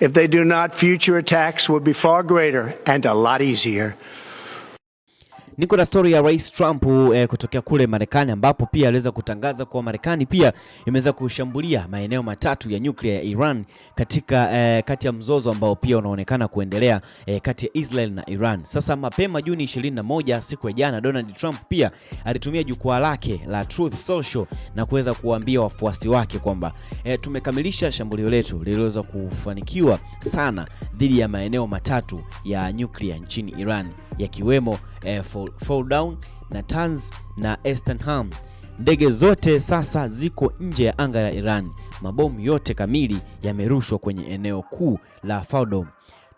If they do not, future attacks will be far greater and a lot easier. niko na story ya Rais Trump e, kutokea kule Marekani ambapo pia aliweza kutangaza kuwa Marekani pia imeweza kushambulia maeneo matatu ya nyuklia ya Iran katika e, kati ya mzozo ambao pia unaonekana kuendelea e, kati ya Israel na Iran. Sasa mapema Juni 21 siku ya jana, Donald Trump pia alitumia jukwaa lake la Truth Social na kuweza kuwaambia wafuasi wake kwamba e, tumekamilisha shambulio letu lililoweza kufanikiwa sana dhidi ya maeneo matatu ya nyuklia nchini Iran yakiwemo eh, Fall Down na Tans na Estenham. Ndege zote sasa ziko nje ya anga la Iran. Mabomu yote kamili yamerushwa kwenye eneo kuu la Fall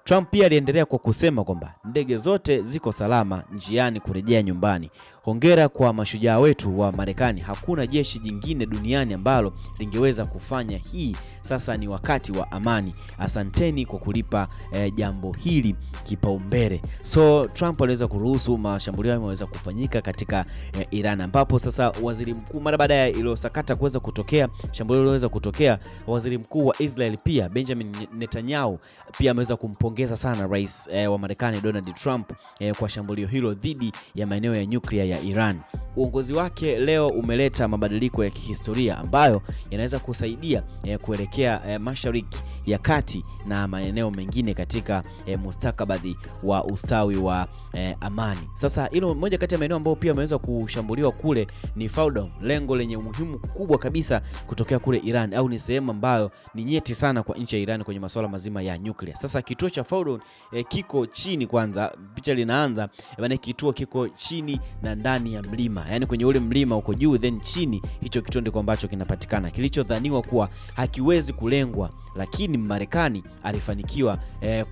Trump pia aliendelea kwa kusema kwamba ndege zote ziko salama njiani kurejea nyumbani. Hongera kwa mashujaa wetu wa Marekani. Hakuna jeshi jingine duniani ambalo lingeweza kufanya hii. Sasa ni wakati wa amani. Asanteni kwa kulipa eh, jambo hili kipaumbele. So Trump aliweza kuruhusu mashambulio hayo yaweza kufanyika katika eh, Iran ambapo sasa waziri mkuu mara baada ya sakata kuweza kutokea, shambulio liloweza kutokea, waziri mkuu wa Israel pia Benjamin Netanyahu pia ameweza kumpongeza amempongeza sana rais eh, wa Marekani Donald Trump eh, kwa shambulio hilo dhidi ya maeneo ya nyuklia ya Iran. Uongozi wake leo umeleta mabadiliko ya kihistoria ambayo yanaweza kusaidia eh, kuelekea eh, Mashariki ya Kati na maeneo mengine katika eh, mustakabali wa ustawi wa eh, amani. Sasa hilo moja kati ya maeneo ambayo pia ameweza kushambuliwa kule ni Faudon, lengo lenye umuhimu kubwa kabisa kutokea kule Iran, au ni sehemu ambayo ni nyeti sana kwa nchi ya Iran kwenye masuala mazima ya nyuklia. Sasa kituo cha Faudon eh, kiko chini, kwanza picha linaanza eh, maana kituo kiko chini na ndani ya mlima, yaani kwenye ule mlima uko juu then chini, hicho kituo ndiko ambacho kinapatikana kilichodhaniwa kuwa hakiwezi kulengwa lakini Marekani alifanikiwa eh,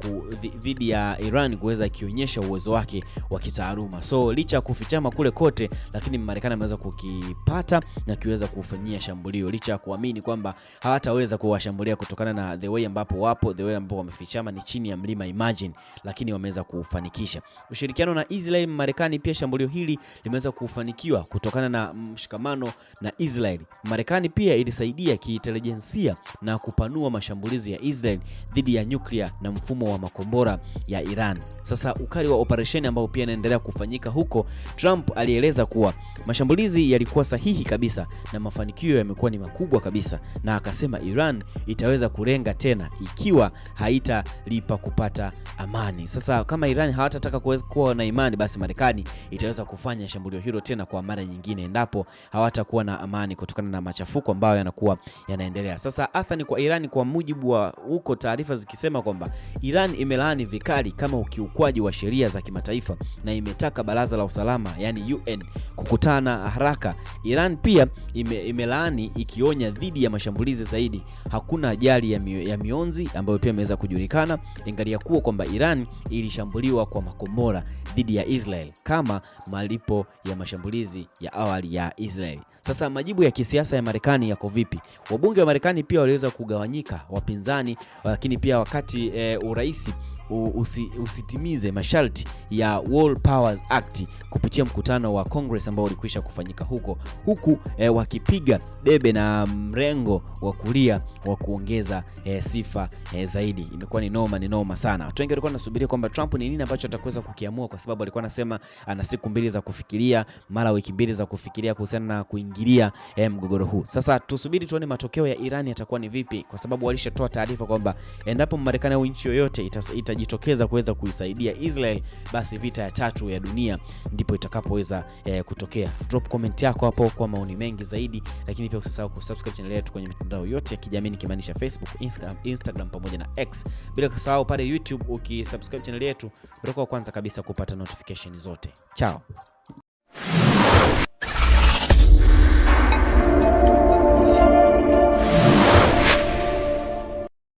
dhidi ya Iran kuweza ikionyesha uwezo wake wa kitaaluma. So licha ya kufichama kule kote, lakini Marekani ameweza kukipata na kiweza kufanyia shambulio, licha ya kuamini kwamba hawataweza kuwashambulia kutokana na the way ambapo wapo, the way ambapo wamefichama ni chini ya mlima, imagine, lakini wameweza kufanikisha ushirikiano na Israel. Marekani pia shambulio hili limeweza kufanikiwa kutokana na mshikamano na Israel. Marekani pia ilisaidia kiintelijensia na kupanua mashambulizi mashambulizi ya Israel dhidi ya nyuklia na mfumo wa makombora ya Iran. Sasa ukali wa operesheni ambao pia inaendelea kufanyika huko, Trump alieleza kuwa mashambulizi yalikuwa sahihi kabisa na mafanikio yamekuwa ni makubwa kabisa, na akasema Iran itaweza kulenga tena ikiwa haitalipa kupata amani. Sasa kama Iran hawatataka kuwa na imani, basi Marekani itaweza kufanya shambulio hilo tena kwa mara nyingine endapo hawatakuwa na amani kutokana na machafuko ambayo yanakuwa yanaendelea. Sasa athari kwa Iran kwa mujibu wa huko taarifa zikisema kwamba Iran imelaani vikali kama ukiukwaji wa sheria za kimataifa na imetaka baraza la usalama yani UN kukutana haraka. Iran pia ime, imelaani ikionya dhidi ya mashambulizi zaidi. Hakuna ajali ya, mi, ya mionzi ambayo pia imeweza kujulikana, ingalia kuwa kwamba Iran ilishambuliwa kwa makombora dhidi ya Israel kama malipo ya mashambulizi ya awali ya Israel. Sasa majibu ya kisiasa ya Marekani yako vipi? Wabunge wa Marekani pia waliweza kugawanyika wapinzani, lakini pia wakati e, eh, urais usi, usitimize masharti ya World Powers Act kupitia mkutano wa Congress ambao ulikwisha kufanyika huko huku eh, wakipiga debe na mrengo wa kulia wa kuongeza eh, sifa eh, zaidi. Imekuwa ni noma, ni noma sana. Watu wengi walikuwa wanasubiria kwamba Trump ni nini ambacho atakuweza kukiamua, kwa sababu alikuwa anasema ana siku mbili za kufikiria, mara wiki mbili za kufikiria kuhusiana na kuingilia eh, mgogoro huu. Sasa tusubiri tuone matokeo ya Irani yatakuwa ni vipi, kwa sababu walishatoa taarifa kwamba endapo Marekani au nchi yoyote ita, ita itajitokeza kuweza kuisaidia Israel, basi vita ya tatu ya dunia ndipo itakapoweza eh, kutokea. Drop comment yako hapo kwa maoni mengi zaidi, lakini pia usisahau kusubscribe channel yetu kwenye mitandao yote ya kijamii nikimaanisha Facebook, Instagram, Instagram pamoja na X, bila kusahau pale YouTube. Ukisubscribe channel yetu utakuwa kwanza kabisa kupata notification zote. Chao.